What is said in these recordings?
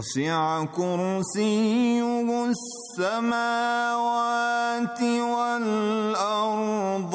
وسع كرسيه السماوات والأرض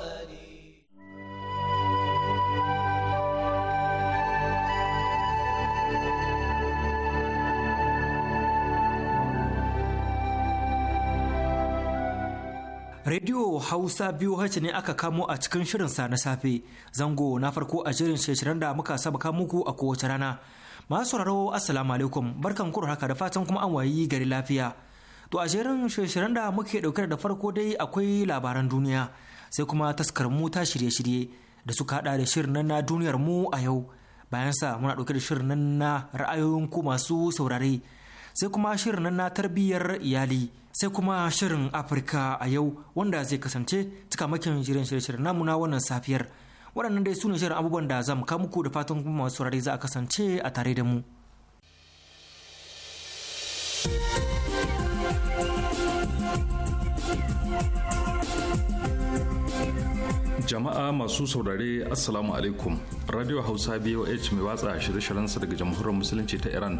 Radio Hausa biyu hace ne aka kamo a cikin shirin sa na safe. Zango na farko a shirin shirin da muka saba muku a kowace rana. Masu sauraro Assalamu alaikum barkan ku haka da fatan kuma an wayi gari lafiya. To a shirin shirin da muke ɗauke da farko dai akwai labaran duniya sai kuma taskar mu ta shirye-shirye da suka hada da shirin na duniyar mu a yau. Bayan sa muna ɗauke da shirin na ra'ayoyin ku masu saurare sai kuma shirin na tarbiyyar iyali. sai kuma shirin afirka a yau wanda zai kasance cikamakin shirin shirye-shiryen namu na wannan safiyar waɗannan dai su ne shirin abubuwan da za mu kawo muku da fatan kuma masu saurare za a kasance a tare da mu jama'a masu saurare assalamu alaikum radio hausa boh mai watsa shirye-shiryensa daga jamhuriyar musulunci ta iran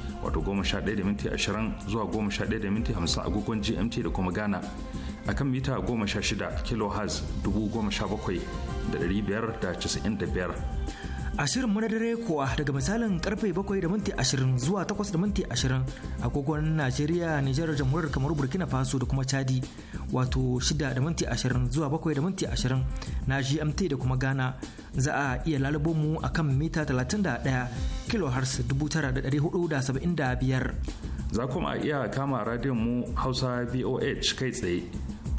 wato goma sha ɗaya da minti ashirin zuwa goma sha ɗaya da minti hamsin agogon gmt da kuma ghana akan mita goma sha shida kilohertz dubu goma sha bakwai da ɗari biyar da casa'in da biyar ashirin madadare kuwa daga misalin karfe 7 da minti 20 zuwa 8 da minti 20 agogon Najeriya, Nijar, Jamhuriyar Kamaru, Burkina Faso da kuma Chadi wato 6 da minti 20 zuwa 7 da minti 20 na GMT da kuma Ghana za a iya lalubo mu akan mita 31 kHz 9475. Za kuma iya kama radiyon mu Hausa VOH kai tsaye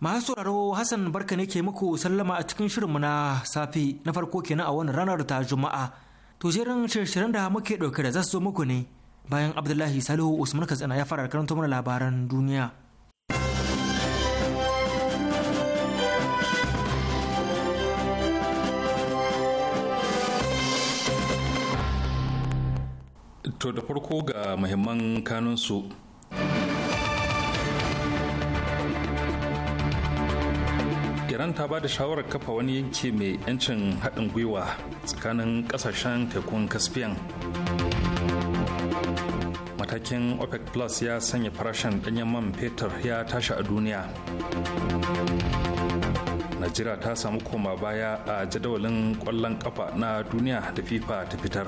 Masu sauraro Hassan barka ne ke muku sallama a cikin shirinmu na safe na farko kenan a wani ranar ta Juma'a. To jerin shirin da muke ɗauke da zasu zo muku ne bayan Abdullahi Salihu Usman Katsina ya fara karanta mana labaran duniya. To da farko ga muhimman kanunsu. iran ta ba da shawarar kafa wani yanki mai 'yancin haɗin gwiwa tsakanin ƙasashen tekun caspian matakin opec plus ya sanya farashin ɗanyen man fetur ya tashi a duniya najeriya ta samu koma baya a jadawalin ƙwallon ƙafa na duniya da fifa ta fitar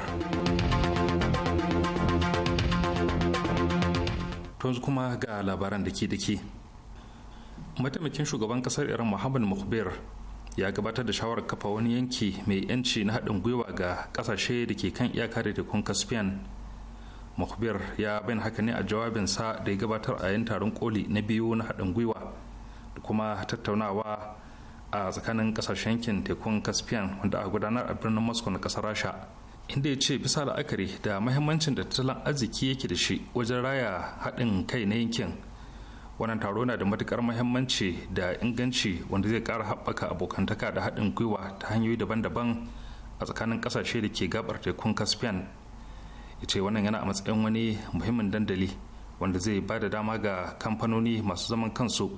yanzu kuma ga labaran da ke da ke mataimakin shugaban kasar iran muhammad mukbir ya gabatar da shawarar kafa wani yanki mai yanci na haɗin gwiwa ga ƙasashe da ke kan iyaka da tekun caspian mukbir ya bayan haka ne a jawabinsa da ya gabatar a yin taron koli na biyu na haɗin gwiwa da kuma tattaunawa a tsakanin ƙasashen yankin tekun caspian wanda a gudanar a birnin moscow na ƙasar rasha inda ya ce bisa la'akari da mahimmancin da tattalin arziki yake da shi wajen raya haɗin kai na yankin wannan taro na da matukar muhimmanci da inganci wanda zai kara haɓaka abokantaka da haɗin gwiwa ta hanyoyi daban-daban a tsakanin ƙasashe da ke gabar tekun caspian ya ce wannan yana a matsayin wani muhimmin dandali wanda zai ba da dama ga kamfanoni masu zaman kansu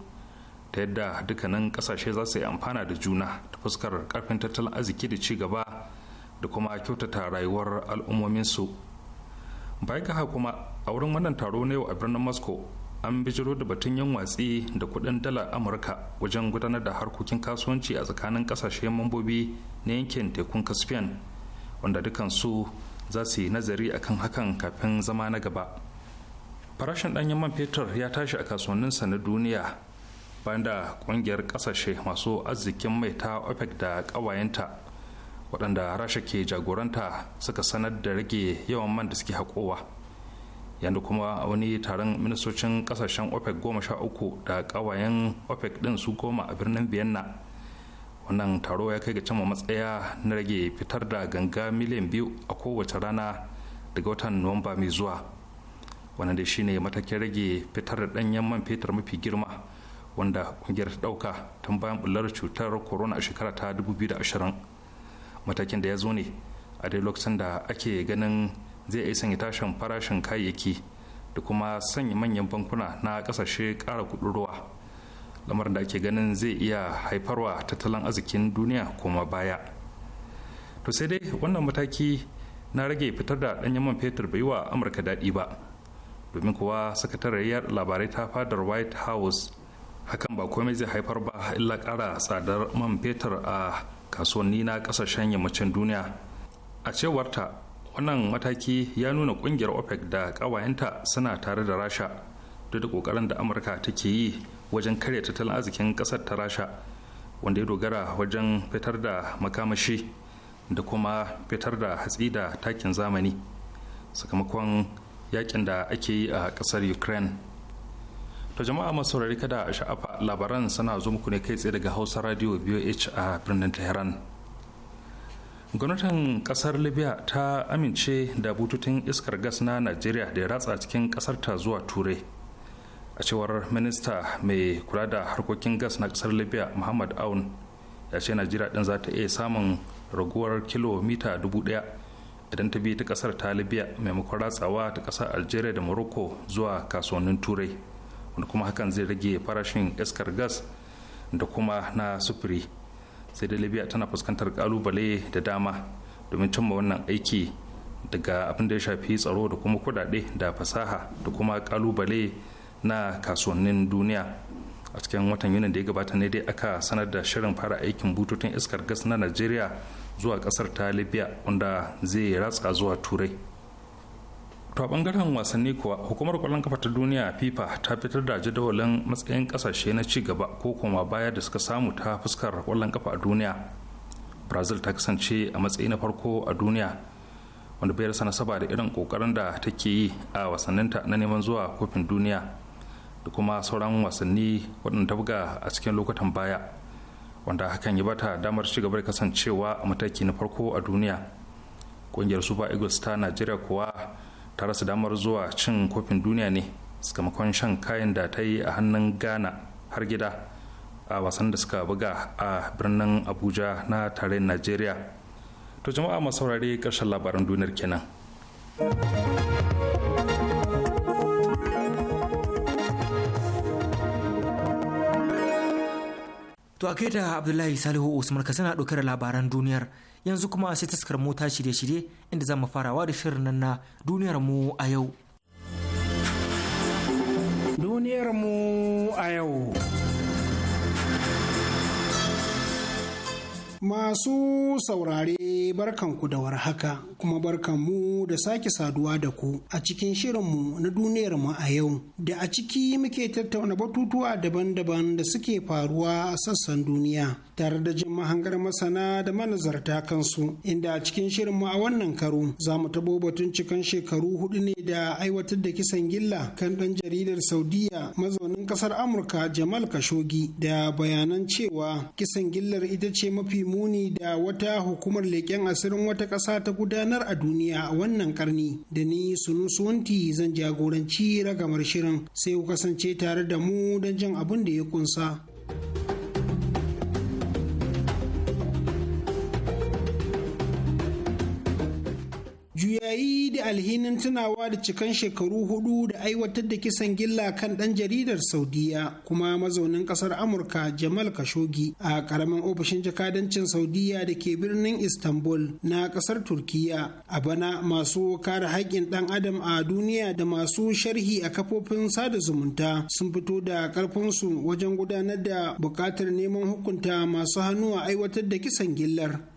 ta yadda dukkanin kasashe za su yi amfana da juna ta fuskar karfin tattalin arziki da ci gaba da kuma kyautata rayuwar al'ummominsu bai ga kuma a wurin wannan taro na yau a birnin moscow an bijiro da batun yan watsi da kudin dala amurka wajen gudanar da harkokin kasuwanci a tsakanin kasashe mambobi na yankin tekun caspian wanda su za su yi nazari akan hakan kafin zama na gaba farashin ɗanyen man fetur ya tashi a kasuwanninsa na duniya bayan da kungiyar kasashe masu arzikin mai ta opec da kawayenta waɗanda rasha ke jagoranta suka sanar da rage yawan man da suke haƙowa yanzu kuma wani taron ministocin kasashen opec goma sha uku da kawayen opec din su goma a birnin vienna wannan taro ya kai ga cimma matsaya na rage fitar da ganga miliyan biyu a kowace rana daga watan nuwamba mai zuwa wannan dai shine matakin rage fitar da danyen man fetur mafi girma wanda kungiyar ta dauka tun bayan bullar cutar corona a shekara ta 2020 matakin da ya zo ne a dai lokacin da ake ganin zai iya sanya tashin farashin kayayyaki da kuma sanya manyan bankuna na kasashe kara kuɗin ruwa lamarin da ake ganin zai iya haifarwa tattalin arzikin duniya kuma baya to sai dai wannan mataki na rage fitar da ɗanyen man fetur bai wa amurka daɗi ba domin kuwa sakatariyar labarai ta fadar white house hakan ba komai zai haifar ba illa ƙara tsadar man fetur a kasuwanni na ƙasashen yammacin duniya a cewar ta. wannan mataki ya nuna kungiyar opec da kawayenta suna tare da rasha duk da kokarin da amurka take yi wajen karya tattalin arzikin kasar ta rasha wanda ya dogara wajen fitar da makamashi da kuma fitar da hatsi da takin zamani sakamakon yakin da ake yi a kasar ukraine to jama'a masu kada a sha'afa labaran suna zo muku ne kai tsaye daga hausa radio voh a birnin tehran gwamnatin kasar libya ta amince da bututun iskar gas na najeriya da ya ratsa cikin kasar ta zuwa turai a cewar minista mai kula da harkokin gas na kasar libya muhammad aun ya ce najeriya din za ta iya samun raguwar kilomita dubu daya idan ta bi ta kasar ta libya maimakon ratsawa ta kasar algeria da morocco zuwa kasuwannin turai wanda kuma hakan zai rage farashin iskar gas da kuma na sufuri sai da libya tana fuskantar kalubale da dama domin cimma wannan aiki daga abin da ya shafi tsaro da kuma kudade da fasaha da kuma kalubale na kasuwannin duniya a cikin watan yunin da ya gabata ne dai aka sanar da shirin fara aikin bututun iskar gas na najeriya zuwa kasar ta libya wanda zai ratsa zuwa turai to a bangaren wasanni kuwa hukumar kwallon kafa ta duniya fifa ta fitar da jadawalin matsayin kasashe na ci gaba ko kuma baya da suka samu ta fuskar kwallon kafa a duniya brazil ta kasance a matsayi na farko a duniya wanda bai rasa nasaba da irin kokarin da take yi a wasanninta na neman zuwa kofin duniya da kuma sauran wasanni waɗanda ta buga a cikin lokutan baya wanda hakan ya bata damar ci gaba da kasancewa a mataki na farko a duniya ƙungiyar super eagles ta najeriya kuwa ta rasa damar zuwa cin kofin duniya ne sakamakon shan kayan da ta yi a hannun ghana har gida a wasan da suka buga a birnin abuja na tarayyar nigeria to jama'a masu saurare karshen labaran duniyar kenan to a kai da abdullahi salihu usman ka sana ɗauke da labaran duniyar yanzu kuma sai taskar mota shirye-shirye inda za mu farawa da shirin nan na duniyar mu a yau. Duniyar mu a yau. Masu saurare barkanku da haka. kuma mu da sake saduwa da ku a cikin shirinmu na duniyar mu a yau da a ciki muke tattauna batutuwa daban-daban da suke faruwa a sassan duniya tare da jin mahangar masana da manazarta kansu inda a cikin shirin mu a wannan karo za mu tabo batun cikan shekaru hudu ne da aiwatar da kisan gilla kan ɗan jaridar saudiya mazaunin ƙasar amurka jamal kashogi da bayanan cewa kisan gillar ita ce mafi muni da wata hukumar leƙen asirin wata ƙasa ta gudanar ranar a duniya a wannan karni da ni sunusuwanti zan jagoranci ragamar shirin sai ku kasance tare da mu don jin abin da ya kunsa. juyayi da alhinin tunawa da cikan shekaru hudu da aiwatar da kisan gilla kan dan jaridar saudiya kuma mazaunin kasar amurka jamal kashogi a karamin ofishin jakadancin saudiya da ke birnin istanbul na kasar turkiya a bana masu kare haƙƙin dan adam a duniya da masu sharhi a kafofin sada zumunta sun fito da ƙarfinsu wajen gudanar da buƙatar neman hukunta masu hannu a aiwatar da kisan gillar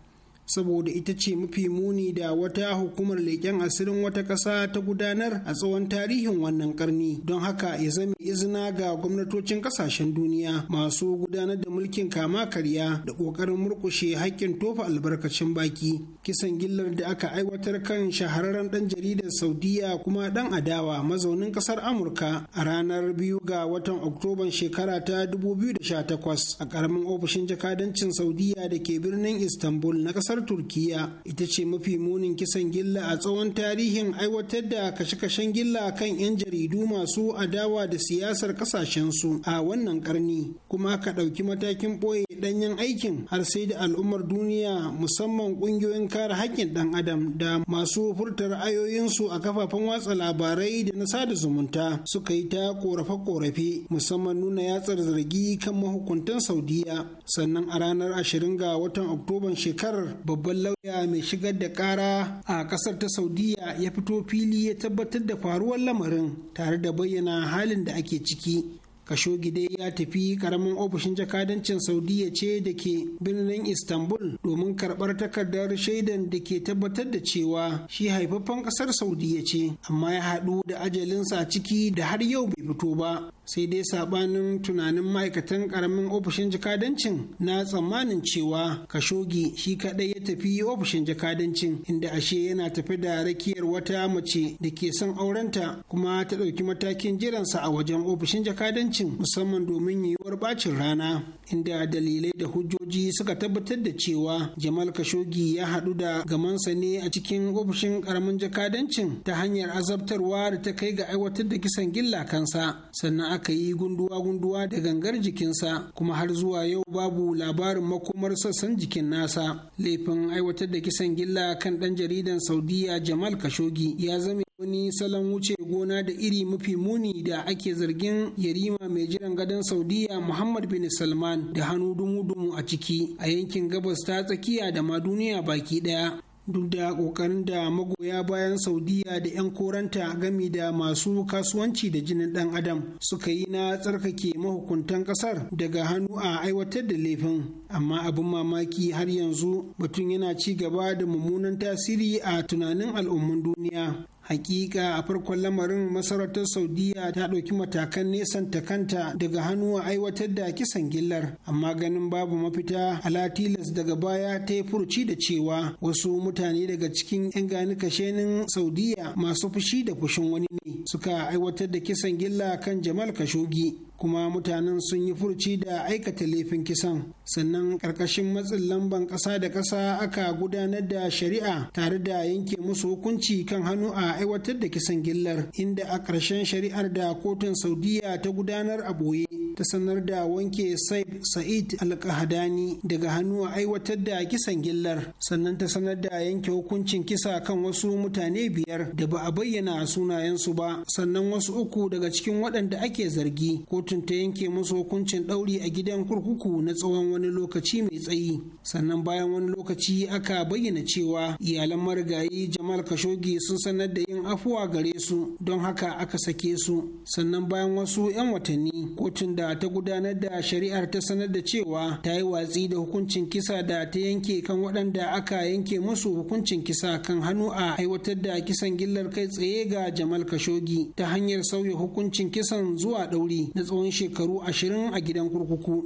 saboda ita ce mafi muni da wata hukumar leƙen asirin wata ƙasa ta gudanar a tsawon tarihin wannan ƙarni, don haka ya zama izina ga gwamnatocin ƙasashen duniya masu gudanar da mulkin kama karya da ƙoƙarin murƙushe haƙƙin tofa albarkacin baki kisan gillar da aka aiwatar kan shahararren ɗan jaridar saudiya kuma ɗan adawa mazaunin ƙasar amurka a ranar biyu ga watan oktoban shekara ta 2018 a ƙaramin ofishin jakadancin saudiya da ke birnin istanbul na ƙasar kasar turkiya ita ce mafi munin kisan gilla a tsawon tarihin aiwatar da kashe-kashen gilla kan 'yan jaridu masu adawa da siyasar kasashensu a wannan karni kuma aka ɗauki matakin ɓoye ɗanyen aikin har sai da al'ummar duniya musamman ƙungiyoyin kare haƙƙin ɗan adam da masu furtar ra'ayoyinsu a kafafen watsa labarai da na sada zumunta suka yi ta ƙorafe-ƙorafe musamman nuna yatsar zargi kan mahukuntan saudiya sannan a ranar 20 ga watan oktoban shekarar babban lauya mai shigar da kara a kasar ta saudiya ya fito fili ya tabbatar da faruwar lamarin tare da bayyana halin da ake ciki Kashogi dai ya tafi karamin ofishin jakadancin Saudiya ce da ke birnin Istanbul domin karɓar takardar shaidan da ke tabbatar da cewa shi haifaffen ƙasar Saudiya ce, amma ya haɗu da ajalinsa ciki da har yau bai fito ba. Sai dai sabanin tunanin ma'aikatan karamin ofishin jakadancin na tsammanin cewa Kashogi shi kaɗai ya tafi ofishin jakadancin inda ashe yana tafi da rakiyar wata mace da ke son aurenta kuma ta ɗauki matakin jiransa a wajen ofishin jakadancin. ta'addancin musamman domin yiwuwar bacin rana inda dalilai da hujjoji suka tabbatar da cewa jamal kashogi ya haɗu da gamansa ne a cikin ofishin karamin jakadancin ta hanyar azabtarwa da ta kai ga aiwatar da kisan gilla kansa sannan aka yi gunduwa-gunduwa da gangar jikinsa kuma har zuwa yau babu labarin makomar sassan jikin nasa laifin aiwatar da kisan gilla kan ɗan jaridan saudiya jamal kashogi ya zame wani salon wuce gona da iri mafi muni da ake zargin yarima mai jiran gadon saudiya muhammad bin salman da hannu dumu-dumu a ciki a yankin gabas ta tsakiya da ma duniya baki daya duk da kokarin da magoya bayan saudiya da 'yan koranta gami da masu kasuwanci da jinin dan adam suka yi na tsarkake mahukuntan kasar daga hannu a aiwatar da laifin amma abin mamaki har yanzu batun yana ci gaba da mummunan tasiri a tunanin al'umman duniya hakika a farkon lamarin masarautar saudiya ta ɗauki matakan nesan ta kanta daga hannu a aiwatar da kisan gillar amma ganin babu mafita alatilas daga baya ta yi furci da cewa wasu mutane daga cikin 'yan gani kashenin saudiya masu fushi da fushin wani ne suka aiwatar da kisan gilla kan jamal kashogi kuma mutanen sun yi furci da aikata laifin kisan sannan ƙarƙashin matsin lamban ƙasa da ƙasa aka gudanar da shari'a tare da yanke musu hukunci kan hannu a aiwatar da kisan gillar inda a ƙarshen shari'ar da kotun saudiya ta gudanar a boye ta sanar da wanke saif sa'id alƙahadani daga hannu a aiwatar da kisan gillar sannan ta sanar da yanke hukuncin kisa kan wasu mutane biyar da ba a bayyana sunayensu ba sannan wasu uku daga cikin waɗanda ake zargi ko kotun ta yanke musu hukuncin ɗauri a gidan kurkuku na tsawon wani lokaci mai tsayi sannan bayan wani lokaci aka bayyana cewa iyalan marigayi jamal kashogi sun sanar da yin afuwa gare su don haka aka sake su sannan bayan wasu 'yan watanni kotun da ta gudanar da shari'ar ta sanar da cewa ta yi watsi da hukuncin kisa da ta yanke kan waɗanda aka yanke musu hukuncin kisa kan hannu a aiwatar da kisan gillar kai tsaye ga jamal kashogi ta hanyar sauya hukuncin kisan zuwa ɗauri na tsawon shekaru ashirin a gidan kurkuku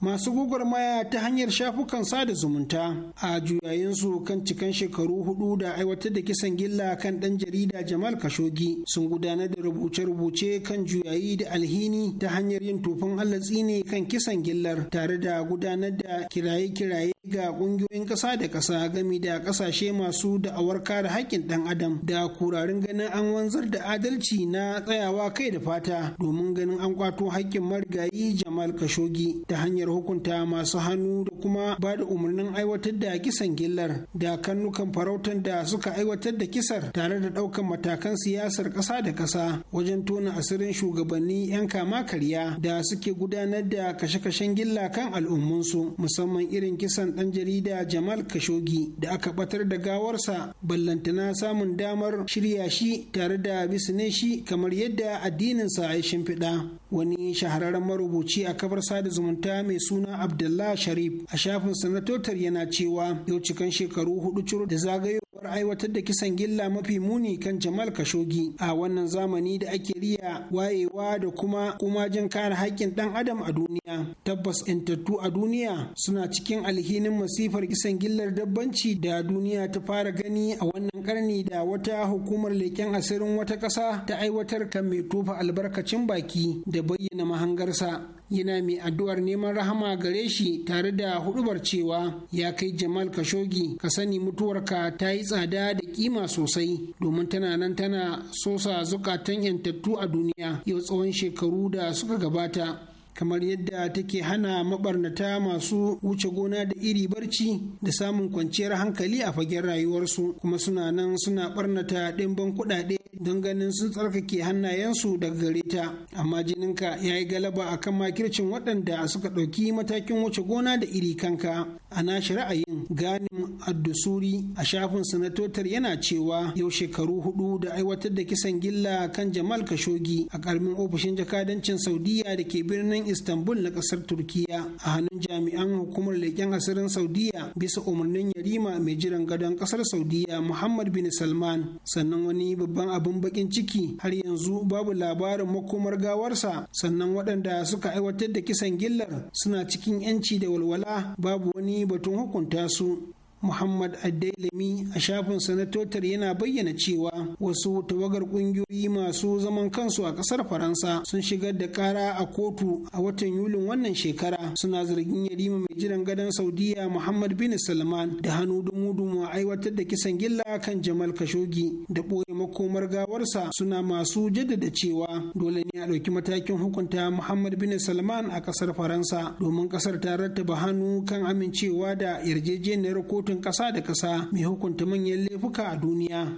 masu gwagwarmaya ta hanyar shafukan sada zumunta a juyayinsu kan cikan shekaru hudu da aiwatar da kisan gilla kan dan jarida jamal kashogi sun gudanar da rubuce-rubuce kan juyayi da alhini ta hanyar yin tufin allatsi ne kan kisan gillar tare da gudanar da kiraye-kiraye ga kungiyoyin ƙasa da kasa gami da ƙasashe masu da'awar kare haƙƙin ɗan adam da kurarin ganin an wanzar da adalci na tsayawa kai da fata domin ganin an kwato haƙƙin marigayi jamal kashogi ta hanyar hukunta masu hannu da kuma ba da umarnin aiwatar da kisan gillar da kannukan farautar da suka aiwatar da kisar tare da ɗaukan matakan siyasar ƙasa da ƙasa wajen tona asirin shugabanni 'yan kama karya da suke gudanar da kashe-kashen gilla kan al'ummunsu musamman irin kisan ɗan jarida Jamal kashogi da aka batar da gawarsa ballantana samun damar shirya shi tare da bisne shi kamar yadda addininsa ya shimfiɗa. wani shahararren marubuci a kafar sada zumunta mai suna abdullah sharif a shafin sanatotar yana cewa yau cikan shekaru hudu ciro da zagayowar aiwatar da kisan gilla mafi muni kan jamal kashogi a wannan zamani da ake riya wayewa da kuma kumajin kare haƙƙin ɗan adam a duniya tabbas intattu a duniya suna cikin alhinin masifar kisan gillar dabbanci da duniya ta fara gani a wannan karni da wata hukumar leƙen asirin wata ƙasa ta aiwatar kan mai tufa albarkacin baki da da bayyana mahangarsa yana mai addu'ar neman rahama gare shi tare da hudubar cewa ya kai jamal kashogi ka sani mutuwarka ta yi tsada da kima sosai domin tana nan tana sosa zukatan yantattu a duniya yau tsawon shekaru da suka gabata kamar yadda take hana mabarnata masu wuce gona da iri barci da samun kwanciyar hankali a fagen rayuwarsu kuma suna nan suna barnata ɗimbin kuɗaɗe don ganin sun tsarkake hannayensu daga gare ta amma jininka ya yi galaba akan makircin waɗanda suka ɗauki matakin wuce gona da iri kanka a nashi ra'ayin ganin addusuri a shafin sanatotar yana cewa yau shekaru hudu da aiwatar da kisan gilla kan jamal kashogi a karamin ofishin jakadancin saudiya da ke birnin istanbul na kasar turkiya a hannun jami'an hukumar leƙen asirin saudiya bisa umarnin yarima mai jiran gadon kasar saudiya muhammad bin salman sannan wani babban abin bakin ciki har yanzu babu labarin makomar gawarsa sannan waɗanda suka aiwatar da kisan gillar suna cikin 'yanci da walwala babu wani batun hukunta su Muhammad Adelemi a shafin na sanatotar yana bayyana cewa wasu tawagar ƙungiyoyi masu zaman kansu a ƙasar Faransa sun shigar da ƙara a kotu a watan Yulin wannan shekara suna zargin yarima mai jiran gadon Saudiya Muhammad bin Salman da hannu dumu-dumu a aiwatar da kisan gilla kan Jamal Khashoggi da ɓoye makomar gawarsa suna masu jaddada cewa dole ne a ɗauki matakin hukunta Muhammad bin Salman a ƙasar Faransa domin ƙasar ta rattaba hannu kan amincewa da yarjejeniyar kotu kotun ƙasa da ƙasa mai hukunta manyan laifuka a duniya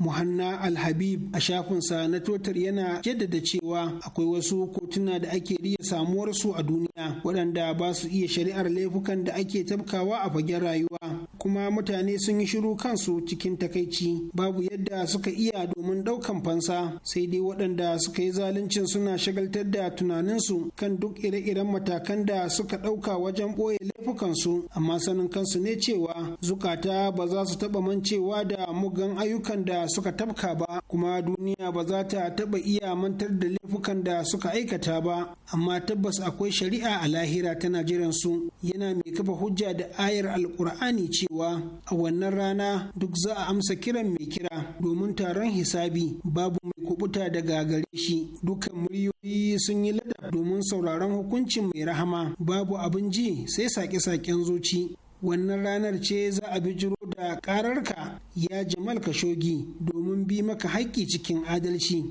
muhanna alhabib a shafinsa na totar yana jaddada cewa akwai wasu kotuna da ake iya samuwar su a duniya waɗanda ba su iya shari'ar laifukan da ake tabkawa a fagen rayuwa kuma mutane sun yi shiru kansu cikin takaici babu yadda suka iya domin ɗaukan fansa sai dai waɗanda suka yi zaluncin suna shagaltar da tunaninsu kan duk ire-iren matakan da suka ɗauka wajen ɓoye laifukansu amma sanin kansu ne cewa zukata ba za su taɓa mancewa da mugan ayyukan da suka tafka ba kuma duniya ba za ta taɓa iya mantar da laifukan da suka aikata ba amma tabbas akwai shari'a a lahira tana jiran su yana mai kafa hujja da ayar alkur'ani cewa a wannan rana duk za a amsa kiran mai kira domin taron hisabi babu mai kubuta daga gare shi dukkan muryoyi sun yi ladab domin sauraron hukuncin mai rahama babu abin ji sai sake-saken zuci wannan ranar ce za a bijiro da kararka ya jamal kashogi domin bi maka haƙƙi cikin adalci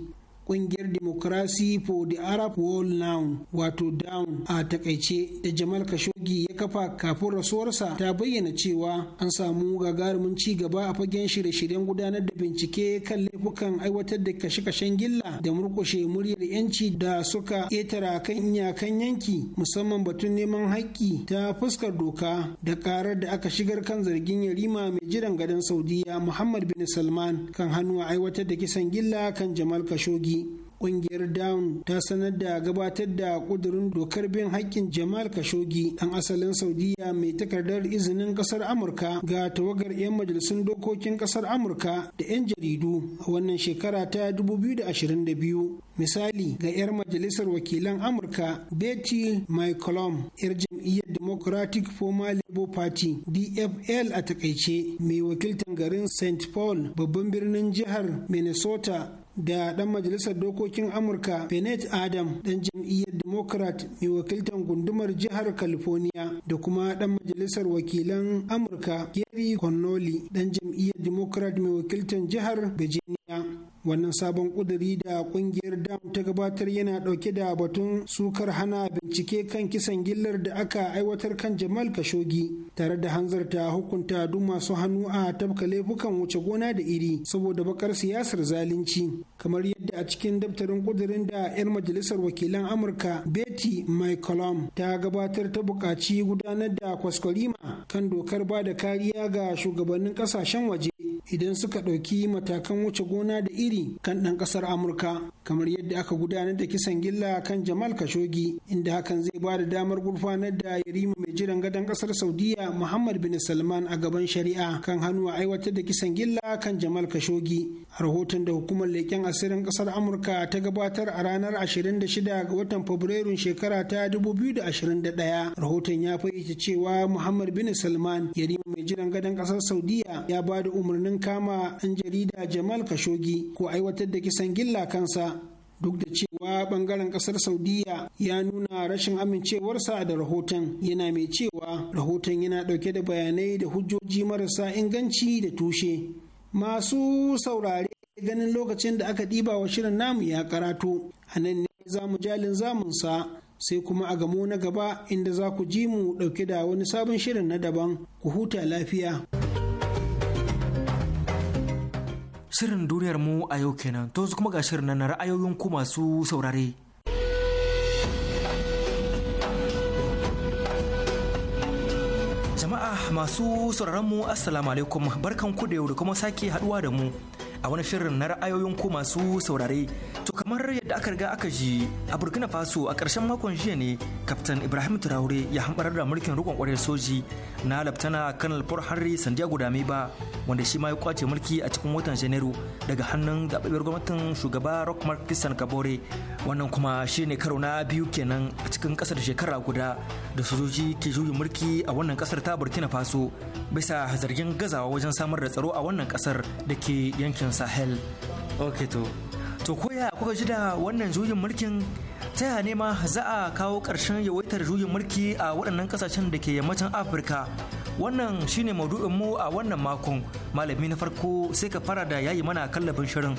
kungiyar democracy for the arab world now wato down a takaice da jamal kashogi ya kafa kafin rasuwarsa ta bayyana cewa an samu gagarumin ci gaba a fagen shirye-shiryen gudanar da bincike kan laifukan aiwatar da kashe-kashen gilla da murkushe muryar yanci da suka ƙetara kan iyakan yanki musamman batun neman haƙƙi ta fuskar doka da karar da aka shigar kan zargin yarima mai jiran gadon saudiya muhammad bin salman kan hannu a aiwatar da kisan gilla kan jamal kashogi kungiyar down ta sanar da gabatar da kudurin dokar bin haƙƙin jamal kashogi an asalin saudiya mai takardar izinin ƙasar amurka ga tawagar 'yan majalisun dokokin ƙasar amurka da 'yan jaridu a wannan shekara ta 2022 misali ga 'yar majalisar wakilan amurka betty mccollum 'yar jam'iyyar democratic former labour party dfl a takaice mai wakiltan garin st paul babban birnin jihar minnesota da ɗan majalisar dokokin amurka benet adam ɗan jam'iyyar democrat mai wakiltar gundumar jihar california da kuma ɗan majalisar wakilan amurka gary connolly ɗan jam'iyyar democrat mai wakiltar jihar virginia wannan sabon kuduri da kungiyar dam ta gabatar yana dauke da batun sukar hana bincike kan kisan gillar da aka aiwatar kan jamal kashogi tare da hanzarta hukunta duk masu hannu a tabka laifukan wuce gona da iri saboda bakar siyasar zalunci kamar yadda a cikin daftarin kudurin da 'yan majalisar wakilan amurka betty mccollum ta gabatar ta bukaci gudanar da kwaskwarima kan dokar ba da kariya ga shugabannin kasashen waje idan suka ɗauki matakan wuce gona da iri tasiri kan ɗan ƙasar amurka kamar yadda aka gudanar da kisan gilla kan jamal kashogi inda hakan zai ba da damar gurfanar da yarima mai jiran gadon kasar saudiya muhammad bin salman a gaban shari'a kan hannu a aiwatar da kisan gilla kan jamal kashogi a rahoton da hukumar leƙen asirin kasar amurka ta gabatar a ranar 26 ga watan fabrairun shekara ta 2021 rahoton ya fayyace cewa muhammad bin salman yarima mai jiran gadon kasar saudiya ya ba da umarnin kama ɗan jarida jamal kashogi ko aiwatar da kisan gilla kansa duk da cewa bangaren kasar saudiya ya nuna rashin amincewarsa da rahoton yana mai cewa rahoton yana dauke da bayanai da hujjoji marasa inganci da tushe masu saurare ganin lokacin da aka ɗiba wa shirin namu ya karatu a nan ne za mu jalin zamunsa sai kuma a gamo na gaba inda za ku ji mu ɗauke da wani sabon shirin na daban ku huta lafiya. Shirin duniyar mu a yau kenan to kuma ga shirin na ra'ayoyin ku masu saurare. Jama'a masu sauraron mu Assalamu alaikum barkan ku da yau da kuma sake haɗuwa da mu. a wani shirin na ra'ayoyin ku masu saurare. To kamar yadda aka riga aka ji a Burkina Faso a ƙarshen makon jiya ne Kaftan Ibrahim Traore ya hambarar da mulkin rukun ƙwarar soji na Laftana Kanal Paul Henry Sandiago ba wanda shi ma ya kwace mulki a cikin watan Janairu daga hannun zaɓaɓɓiyar gwamnatin shugaba Rock Mark Kabore wannan kuma shi ne karo na biyu kenan a cikin kasar shekara guda da sojoji ke juyin mulki a wannan kasar ta Burkina Faso bisa zargin gazawa wajen samar da tsaro a wannan ƙasar da ke yankin yankin sahel ok to to koya kuka ji da wannan juyin mulkin ta yaya ne ma za a kawo ƙarshen yawaitar juyin mulki a waɗannan ƙasashen da ke yammacin afirka wannan shine maudu'in mu a wannan makon malami na farko sai ka fara da yayi mana kallabin shirin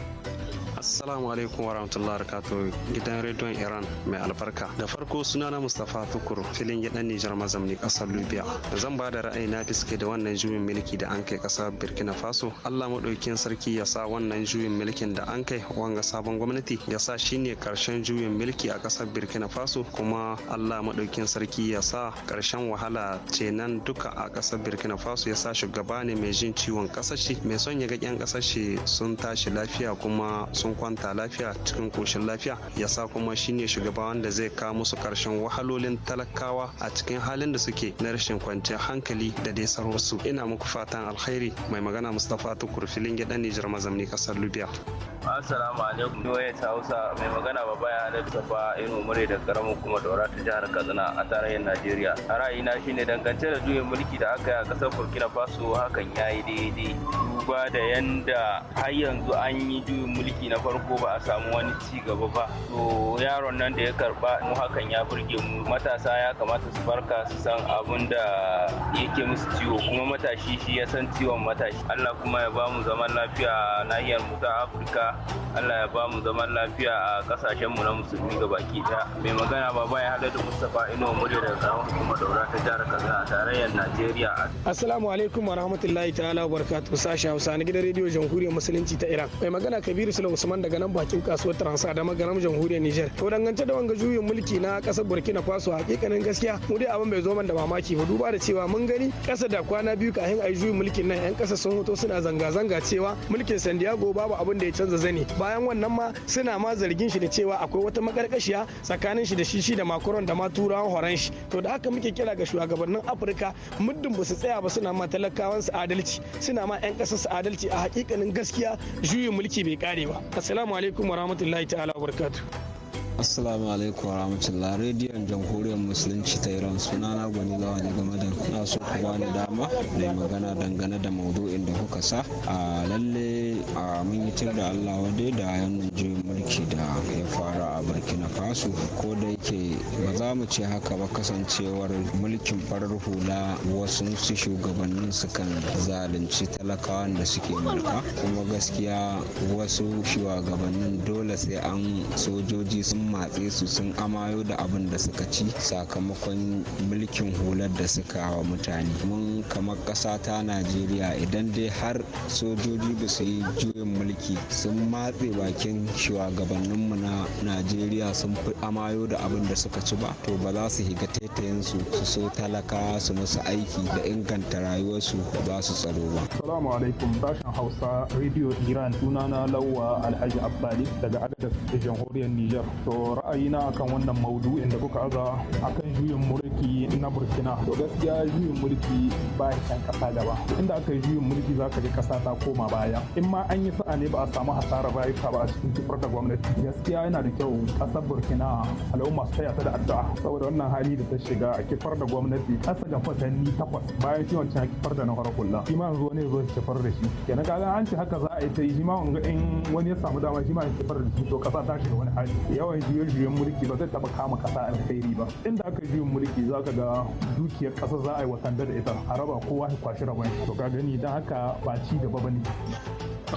assalamu alaikum wa rahmatullahi gidan rediyon iran mai albarka da farko sunana mustapha tukur filin gidan nijar mazamni kasar libya zan ba da ra'ayi na fiske da wannan juyin mulki da an kai kasar burkina faso allah maɗaukin sarki ya sa wannan juyin mulkin da an kai wanga sabon gwamnati ya sa shine karshen juyin mulki a kasar burkina faso kuma allah maɗaukin sarki ya sa karshen wahala ce nan duka a kasar burkina faso ya sa shugaba ne mai jin ciwon kasashe mai son ya ga 'yan kasashe sun tashi lafiya kuma sun sun kwanta lafiya cikin koshin lafiya ya sa kuma shine shugaba wanda zai kawo musu karshen wahalolin talakawa a cikin halin da suke na rashin kwanciyar hankali da dai sarwarsu ina muku fatan alkhairi mai magana mustapha tukur filin gidan nijar mazamni kasar libya assalamu alaikum doye ta hausa mai magana ba baya da safa inu mure da karamin kuma daura ta jihar katsina a tarayyar najeriya a ra'ayina shine dangance da juyin mulki da aka yi a kasar burkina faso hakan ya yi daidai duba da yanda har yanzu an yi juyin mulki na farko ba a samu wani ci gaba ba to yaron nan da ya karba mu hakan ya burge mu matasa ya kamata su farka su san abin da yake musu ciwo kuma matashi shi ya san ciwon matashi Allah kuma ya ba mu zaman lafiya a nahiyar mu ta Afirka Allah ya ba mu zaman lafiya a kasashen mu na musulmi baki ta. mai magana baba ya hada da Mustapha Ino murya da karamar kuma daura ta jihar Katsina a tarayyar Najeriya Assalamu alaikum wa rahmatullahi ta'ala wa barakatuhu sashi Hausa na gidan rediyo Jamhuriyar Musulunci ta Iran mai magana Kabiru Sulaiman usman daga nan bakin kasuwar transa da magaram jamhuriyar niger to dangance da wanga juyin mulki na kasar burkina faso hakikanin gaskiya mu dai abin bai zo man da mamaki ba duba da cewa mun gani kasa da kwana biyu kafin hin ayi juyin mulkin nan yan kasa sun hoto suna zanga-zanga cewa mulkin san diego babu abin da ya canza zani bayan wannan ma suna ma zargin shi da cewa akwai wata makarkashiya tsakanin shi da shi shi da makuron da ma turawan horon shi to da haka muke kira ga shugabannin afirka muddin ba su tsaya ba suna ma talakawan su adalci suna ma yan kasa su adalci a hakikanin gaskiya juyin mulki bai kare ba السلام عليكم ورحمه الله تعالى وبركاته assalamu alaikum wa rahmatullah rediyon jamhuriyar musulunci ta iran na gwani lawa ne game da na so ku bani dama da magana dangane da maudu'in da kuka sa a lalle a mun yi da allah wadai da yan juyin mulki da ya fara a burkina faso ko da yake ba za mu ce haka ba kasancewar mulkin farar hula wasu su shugabannin su kan zalunci talakawan da suke mulka kuma gaskiya wasu shugabannin dole sai an sojoji sun matse su sun amayo da abin da suka ci sakamakon mulkin hular da suka wa mutane mun kamar ƙasa ta najeriya idan dai har sojoji ba su yi juyin mulki sun matse bakin shugabanninmu na najeriya sun fi amayo da abin da suka ci ba to ba za su higa taitayensu su so talaka su musu aiki da inganta rayuwarsu ba su tsaro ba. Salamu alaikum Hausa Radio Iran sunana Lawa Alhaji Abbali daga adadin jamhuriyar Nijar. To ra'ayina akan wannan maudu'in da kuka aza a kan juyin mulki na burkina to gaskiya juyin mulki ba can kasa gaba inda aka juyin mulki za ka ji kasa ta koma baya in ma an yi sa'a ne ba a samu hasara rayuka ba a cikin kifar da gwamnati gaskiya yana da kyau kasar burkina al'umma su taya ta da addu'a saboda wannan hali da ta shiga a kifar da gwamnati kasa ga fatanni takwas bayan shi wancan kifar da na kula shi ma yanzu wani zo kifar da shi kenan kaga an ce haka za a yi ta yi shi ma in wani ya samu dama shi ma ya kifar da shi to kasa ta shiga wani hali yawan juye-juyen mulki ba zai taba kama kasa alkhairi ba inda aka juyin mulki za ka ga dukiyar kasa za a yi watanda da ita a raba kowa ya kwashi rabon to ka gani don haka ba ci gaba ba ne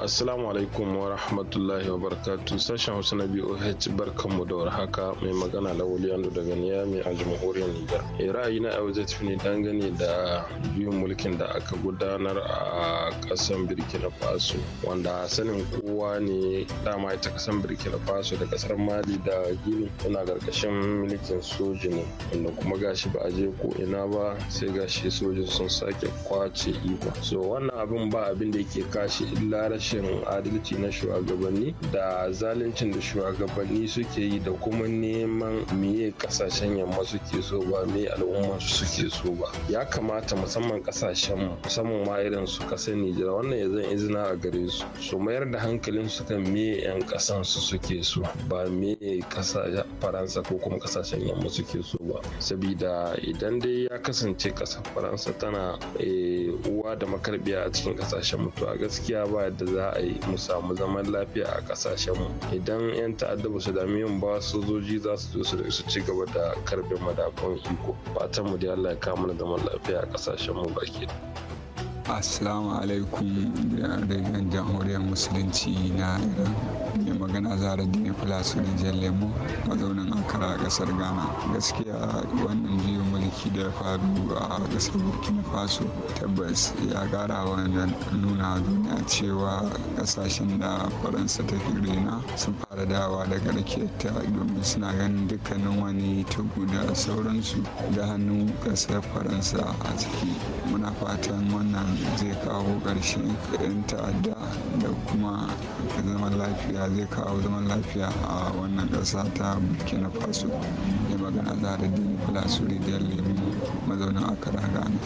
Assalamu alaikum wa rahmatullahi wa barkatu! sashen Hausa na BOH barkanmu da warhaka mai magana Lawali Ando daga Niyami a jamhuriyar Nijar. Eh, Ra'ayi na yau zai tafi dangane da biyun mulkin da aka gudanar a kasan birkina Faso wanda sanin kowa ne dama ita kasan birkina Faso da kasar Mali da Gini yana karkashin mulkin soji ne wanda kuma gashi ba a je ko ina ba sai gashi sojin sun sake kwace iko. So wannan abin ba abin da yake kashi illa rashin rashin adalci na shugabanni da zaluncin da shugabanni suke yi da kuma neman miye kasashen yamma suke so ba me al'umma suke so ba ya kamata musamman kasashen musamman ma irin su kasar Nijar wannan ya zan izina a gare su su mayar da hankalin su kan me yan kasan su suke so ba me kasashen Faransa ko kuma kasashen yamma suke so ba sabida idan dai ya kasance kasar Faransa tana eh, uwa da makarbiya a cikin kasashen mutu gaskiya ba yadda za za a yi mu samu zaman lafiya a kasashen mu idan yan ta'adda ba su dami yin ba sojoji za su zo su ci gaba da karbin madafun iko fatan mu da Allah ya kawo mana zaman lafiya a kasashen mu baki Assalamu alaikum rediyon jamhuriyar musulunci na Iran. Mai magana zara dini filasu jan lemo mazaunin Ankara a kasar Ghana. Gaskiya wannan biyu mulki da ya faru a kasar Burkina Faso tabbas ya gara wannan nuna duniya cewa kasashen da Faransa ta fi rena sun fara dawa daga raketa domin suna ganin dukkanin wani tugu da sauransu da hannun kasar Faransa a ciki. Muna fatan wannan zai kawo ƙarshen yan ta'adda da kuma zaman lafiya zai kawo zaman lafiya a wannan ƙasa ta burkina faso ya magana da dini su da lemu mazaunin akara ghana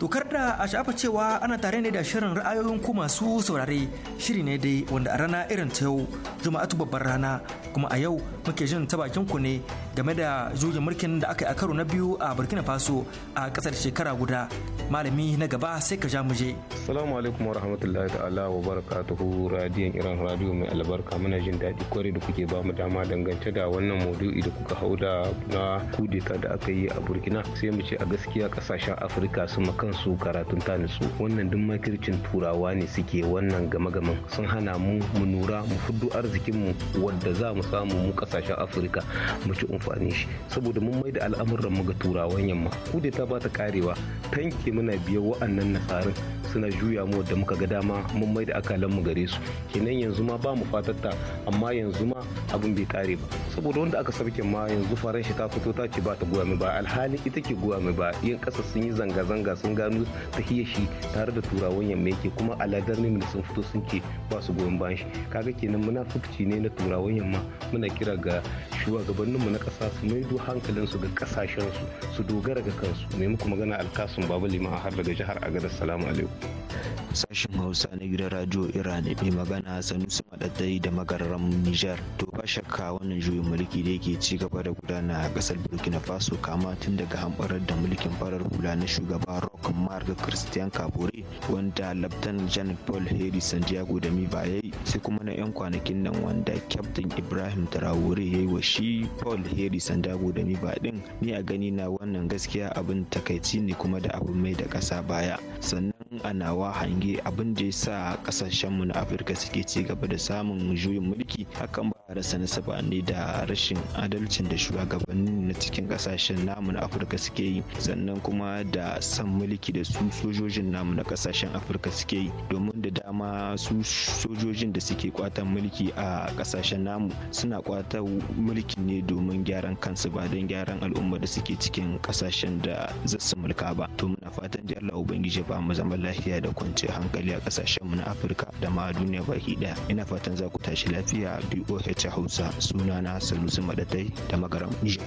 tokar da a shafa cewa ana tare ne da shirin ra'ayoyin ku masu saurare shiri ne dai wanda a rana irin ta yau juma'atu babbar rana kuma a yau muke jin ta bakin ku ne game da juyin mulkin da aka yi a karo na biyu a burkina faso a kasar shekara guda malami na gaba sai ka ja muje salamu alaikum wa rahmatullahi ta'ala wa barakatuhu radiyon iran radio mai albarka muna jin daɗi kwarai da kuke bamu dama dangance da wannan maudu'i da kuka hauda na kudeta da aka yi a burkina sai mu ce a gaskiya kasashen afirka su kansu karatun ta nutsu wannan duk makircin turawa ne suke wannan game-gamen sun hana mu mu nura mu fuddu arzikinmu wadda za mu samu mu kasashen afirka mu ci amfani shi saboda mun mai da al'amuran mu ga turawan yamma ku ta ta karewa tanke muna biyan wa'annan nasarin suna juya mu da muka ga dama mun mai da akalan mu gare su kenan yanzu ma ba mu fatatta amma yanzu ma abin bai kare ba saboda wanda aka sabkin ma yanzu faran shi ta fito ta ce ba ta goya mai ba alhali ita ke goya mai ba yan kasa sun yi zanga-zanga sun gano ta shi tare da turawan yamma yake kuma aladar ne sun fito sun ce ba su goyon bayan shi kaga kenan munafurci ne na turawan yamma muna kira ga shugabanninmu na ƙasa su maido hankalinsu ga ƙasashensu su dogara ga kansu maimakon magana alkasun babu liman har daga jihar agadar salamu alaikum sashen hausa na gidan radio iran mai magana sanusi madaddai da magararren nijar to ba shakka wannan juyin mulki da yake ci gaba da gudana a kasar burkina faso kama tun daga hamɓarar da mulkin farar hula na shugaba rock mark christian kabore wanda laftan janet paul harry santiago da ba ya yi sai kuma na yan kwanakin nan wanda kyaftin ibrahim traore ya yi wa shi paul alheri sandago da ni ba din ni a gani na wannan gaskiya abin takaici ne kuma da abin mai da ƙasa baya sannan a nawa hange abin da ya sa ƙasashenmu na afirka suke ci gaba da samun juyin mulki hakan ba rasa nasaba ne da rashin adalcin da shugabannin na cikin kasashen namu na afirka suke yi sannan kuma da san mulki da su sojojin namu na kasashen afirka suke yi domin da dama su sojojin da suke kwatan mulki a kasashen namu suna kwatan mulki ne domin gyaran kansu ba don gyaran al'umma da suke cikin kasashen da zasu mulka ba to muna fatan da Allah ubangiji ba mu zama lafiya da kwanciyar hankali a kasashen mu na Afirka da ma duniya baki daya ina fatan za ku tashi lafiya DOH Hausa suna na Sanusi Madatai da Magaram Niger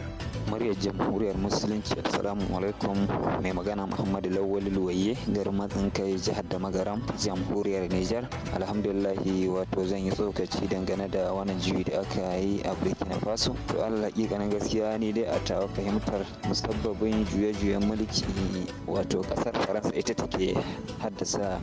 muryar jamhuriyar musulunci assalamu alaikum mai magana Muhammadu Lawal Luwaye garin matsin kai jihar da Magaram jamhuriyar Niger alhamdulillahi wato zan yi tsokaci dangane da wannan juyi da aka yi a Burkina Faso to Allah Hakikanin gaskiya ni dai a tawa fahimtar musabbabin juye-juyen mulki wato kasar Faransa ita take haddasa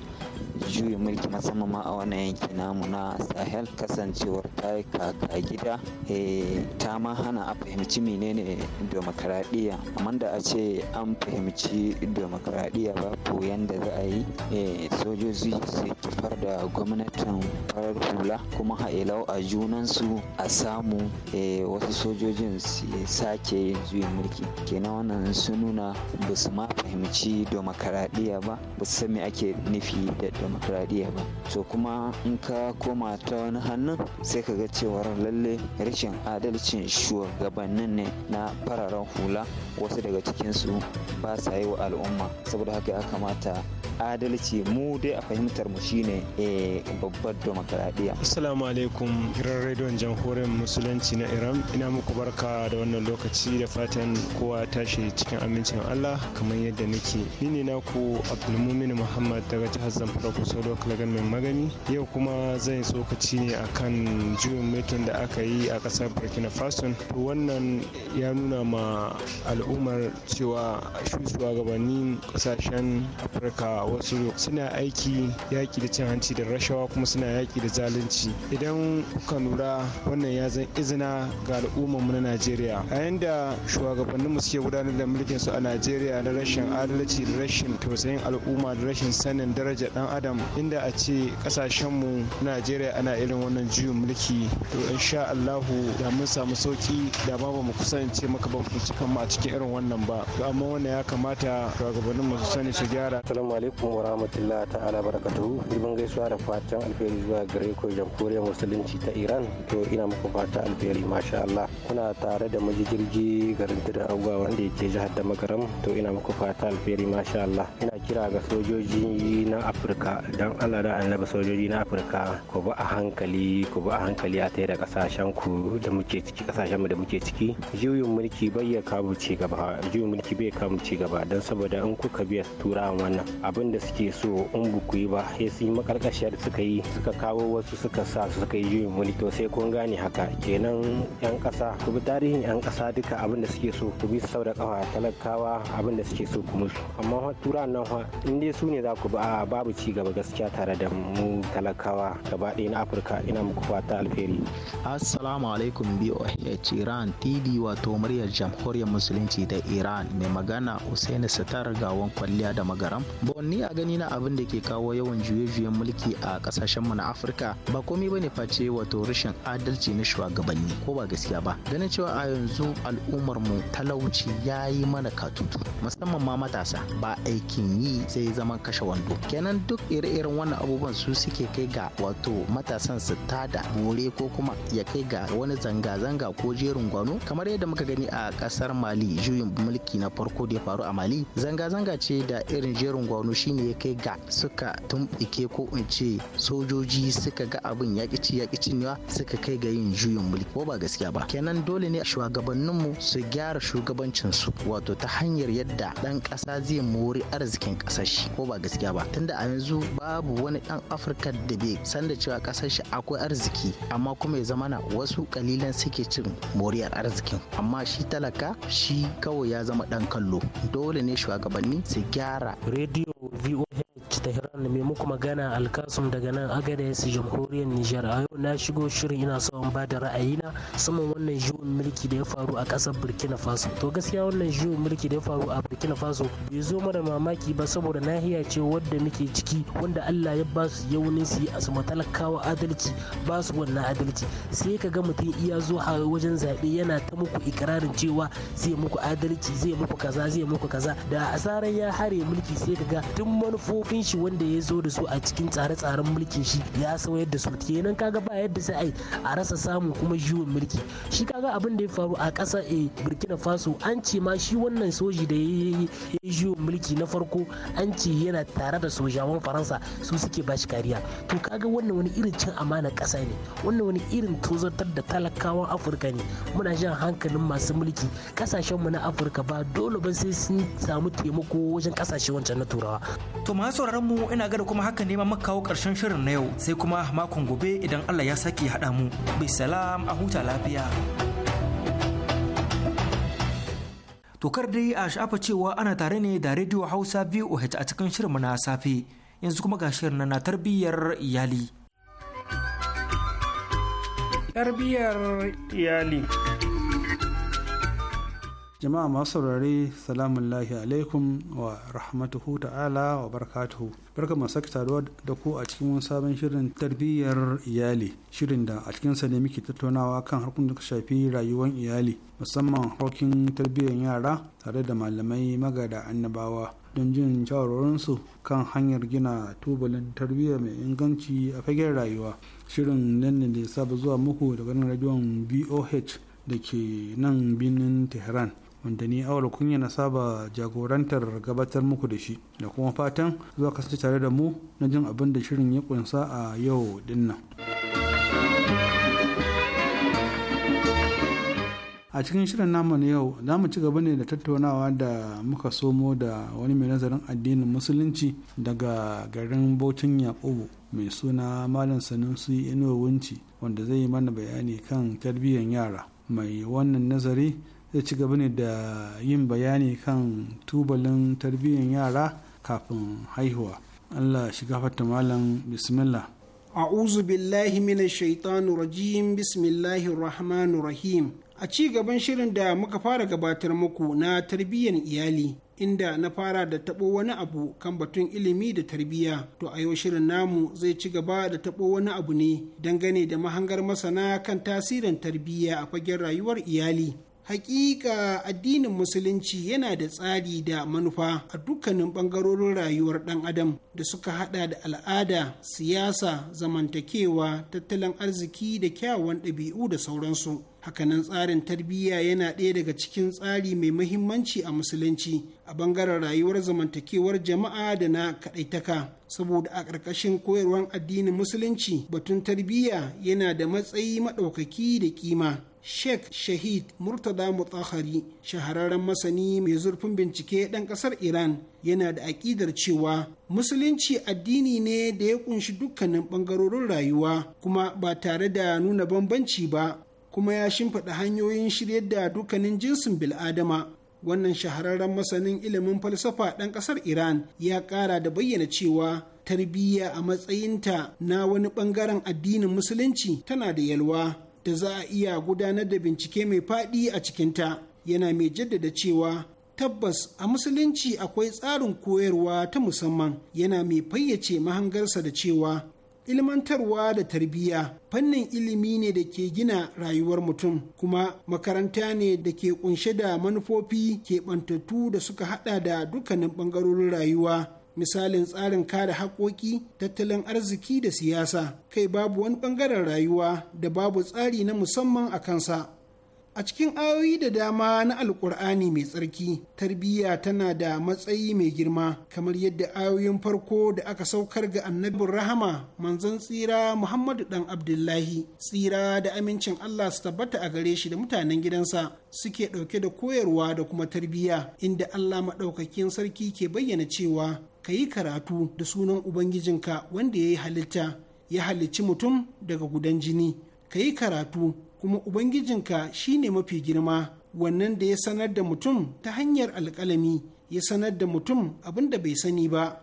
juyin mulki na sama ma a wannan yanki namu na sahel kasancewar ta yi kaka gida eh, ta ma hana a fahimci menene demokaradiyya amma da a ce an fahimci demokaradiyya babu yanda za a yi eh, sojoji su kifar da gwamnatin farar hula kuma ha'ilau a junansu a samu eh, wasu sojojin su sake juyin mulki kenan wannan sun nuna ba su ma fahimci demokaradiyya ba ba su san me ake nufi da demokradiyya ba so kuma in ka koma ta wani hannun sai ka ga cewar lalle rashin adalcin shugabannin ne na fararen hula wasu daga cikinsu ba sa yi wa al'umma saboda haka ya kamata adalci mu dai a fahimtar mu shine eh, babbar demokradiyya assalamu alaikum hirar rediyon jamhuriyar musulunci na iran ina muku barka da wannan lokaci da fatan kowa tashi cikin amincin allah kamar yadda nake ni ne naku abdulmumin muhammad daga jihar zamfara da mai magani yau kuma zan tsokaci ne a kan juyin mulkin da aka yi a ƙasar burkina faso to wannan ya nuna ma al'ummar cewa shugabannin ƙasashen afirka wasu suna aiki yaƙi da cin hanci da rashawa kuma suna yaƙi da zalunci idan kuka lura wannan ya zan izina ga al'ummar mu na najeriya a yanda shuwagabanninmu suke gudanar da mulkin su a najeriya na rashin adalci da rashin tausayin al'umma da rashin sanin daraja dan adam inda a ce kasashenmu najeriya ana irin wannan juyin mulki to insha allahu da mun samu sauki da ma ba mu kusance maka ban fuci kanmu a cikin irin wannan ba to amma wannan ya kamata shugabannin mu su sani su gyara assalamu alaikum wa rahmatullahi ta'ala barakatuhu ibn gaisuwa da fatan alheri zuwa gare ku jamhuriyar musulunci ta iran to ina muku fata alheri masha allah kuna tare da jirgi garin da abubuwa wanda yake jihar da magaram to ina muku fata alheri masha allah ina kira ga sojoji na afirka dan don allah da annaba sojoji na afirka ku bi a hankali ku bi a hankali a tsaye da kasashen ku da muke ciki kasashen mu da muke ciki juyin mulki bai ya kawo ci gaba juyin mulki bai kawo ci gaba don saboda in kuka biya turawan wannan abin da suke so in ba ku yi ba sai sun yi makarkashiyar suka yi suka kawo wasu suka sa su suka yi juyin mulki to sai kun gane haka kenan yan kasa ku bi tarihin yan kasa duka abin da suke so ku bi sau da kafa talakawa abin da suke so ku musu amma tura nan in dai su ne za ku ba babu ci gaba gaba gaskiya tare da mu talakawa gaba ɗaya na afirka ina muku fata alheri assalamu alaikum boh iran tv wato muryar jamhuriyar musulunci da iran mai magana usaini sitar gawan kwalliya da magaram bonni a gani na abin da ke kawo yawan juye-juyen mulki a kasashen mu na afirka ba komai ne face wato rashin adalci na shugabanni ko ba gaskiya ba ganin cewa a yanzu al'ummar mu talauci ya yi mana katutu musamman ma matasa ba aikin yi zai zama kashe wando kenan duk ire-iren wannan abubuwan su suke kai ga wato matasan su tada bore ko kuma ya kai ga wani zanga-zanga ko jerin gwano kamar yadda muka gani a kasar mali juyin mulki na farko da ya faru a mali zanga-zanga ce da irin jerin gwano shine ya kai ga suka tumbike ko in ce sojoji suka ga abin yaƙi ci yaƙi cinyewa suka kai ga yin juyin mulki ko ba gaskiya ba kenan dole ne shugabanninmu su gyara shugabancin su wato ta hanyar yadda dan kasa zai more arzikin kasashe ko ba gaskiya ba tunda a yanzu babu wani ɗan afirka da bai san da cewa ƙasar shi akwai arziki amma kuma ya zamana wasu kalilan suke cin moriyar arzikin amma shi talaka shi kawai ya zama ɗan kallo dole ne shugabanni su gyara rediyo voh tehran mai muku magana alkasum daga nan agadez jamhuriyar nijar a yau na shigo shirin ina so in ba da ra'ayina saman wannan juyin mulki da ya faru a ƙasar burkina faso to gaskiya wannan juyin mulki da ya faru a burkina faso bai zo mana mamaki ba saboda nahiya ce wadda muke ciki wanda Allah ya ba su yaunin su yi a sama talakawa adalci ba su wannan adalci sai ka ga mutum iya zo a wajen zaɓe yana ta muku ikirarin cewa zai muku adalci zai muku kaza zai muku kaza da asaran ya hare mulki sai ka ga duk manufofin shi wanda ya zo da su a cikin tsare-tsaren mulkin shi ya sauyar da su kenan kaga ba yadda sai a rasa samun kuma jiwon mulki shi ka ga abin da ya faru a ƙasa eh, burkina faso an ce ma shi wannan soji da ya yi jiwon mulki na farko an ce yana tare da sojawan faransa su suke bashi kariya to kaga wannan wani irin cin amana kasa ne wannan wani irin tozartar da talakawan afirka ne muna jan hankalin masu mulki kasashenmu na afirka ba dole ba sai sun samu taimako wajen kasashe wancan na turawa to masu sauraron mu ina ga kuma haka ne ma kawo karshen shirin na yau sai kuma makon gobe idan Allah ya sake hada mu bisalam a huta lafiya tokar dai a sha'afa cewa ana tare ne da radio hausa voh a cikin shirin na safe yanzu kuma ga shirin na tarbiyyar iyali tarbiyyar iyali jama'a masu saurare salamun lahi alaikum wa rahmatuhu ta'ala wa barakatuhu barka masu sake taruwa da ku a cikin wani sabon shirin tarbiyyar iyali shirin da a cikinsa ne muke tattaunawa kan harkun da shafi rayuwar iyali musamman harkokin tarbiyyar yara tare da malamai magada annabawa don jin shawarorinsu kan hanyar gina tubalin tarbiyya mai inganci a fagen rayuwa shirin nan ne da saba zuwa muku daga nan rajon boh da ke nan birnin tehran wanda ni awar kunya na saba jagorantar gabatar muku da shi da kuma fatan zuwa kasance tare da mu na jin abin da shirin ya kunsa a yau dinnan. a cikin shirin namu na yau za mu ci gaba ne da tattaunawa da muka somo da wani mai nazarin addinin musulunci daga garin bautin yakubu mai suna malam sanusi inuwunci wanda zai yi mana bayani kan tarbiyyar yara mai wannan nazari zai ci gaba ne da yin bayani kan tubalin tarbiyyar yara kafin haihuwa allah shiga fata malam bismillah أعوذ بالله من الشيطان الرجيم بسم الله الرحمن a ci gaban shirin da muka fara gabatar muku na tarbiyyar iyali inda na fara da tabo wani abu kan batun ilimi da tarbiyya to a yau shirin namu zai ci gaba da tabo wani abu ne dangane da mahangar masana kan tasirin tarbiyya a fagen rayuwar iyali hakika addinin musulunci yana da tsari da manufa a dukkanin bangarorin rayuwar dan adam da suka hada da al'ada siyasa zamantakewa tattalin arziki da kyawun ɗabi'u da sauransu hakanan tsarin tarbiyya yana ɗaya daga cikin tsari mai mahimmanci a musulunci a bangaren rayuwar zamantakewar jama'a da na kaɗaitaka saboda a ƙarƙashin koyarwar addinin musulunci batun tarbiyya yana da matsayi maɗaukaki da kima Sheikh Shahid Murtada Mutahari shahararren masani mai zurfin bincike ɗan ƙasar Iran yana da aƙidar cewa musulunci addini ne da ya ƙunshi dukkanin ɓangarorin rayuwa kuma ba tare da nuna bambanci ba kuma ya shimfiɗa hanyoyin shiryar da dukkanin jinsin bil'adama wannan shahararren masanin ilimin falsafa ɗan ƙasar Iran ya ƙara da bayyana cewa tarbiyya a matsayinta na wani ɓangaren addinin musulunci tana da yalwa da za a iya gudanar da bincike mai faɗi a cikinta yana mai jaddada cewa tabbas a musulunci akwai tsarin koyarwa ta musamman yana mai fayyace mahangarsa da cewa ilmantarwa da tarbiyya fannin ilimi ne da ke gina rayuwar mutum kuma makaranta ne da ke kunshe da manufofi keɓantattu da suka haɗa da dukkanin ɓangarorin rayuwa misalin tsarin kare haƙoƙi tattalin arziki da siyasa kai babu wani ɓangaren rayuwa da babu tsari na musamman a kansa a cikin ayoyi da dama na Alƙur'ani mai tsarki tarbiyya tana da matsayi mai girma kamar yadda ayoyin farko da aka saukar ga annabin rahama manzon tsira muhammadu dan abdullahi tsira da amincin allah su tabbata a gare shi da mutanen gidansa suke ɗauke da koyarwa da kuma tarbiyya inda allah maɗaukakin sarki ke bayyana cewa ka yi karatu da sunan ubangijinka wanda ya yi halitta ya halicci mutum daga gudan jini ka yi karatu kuma ubangijinka shi ne mafi girma wannan da ya sanar da mutum ta hanyar alƙalami ya sanar da mutum abin da bai sani ba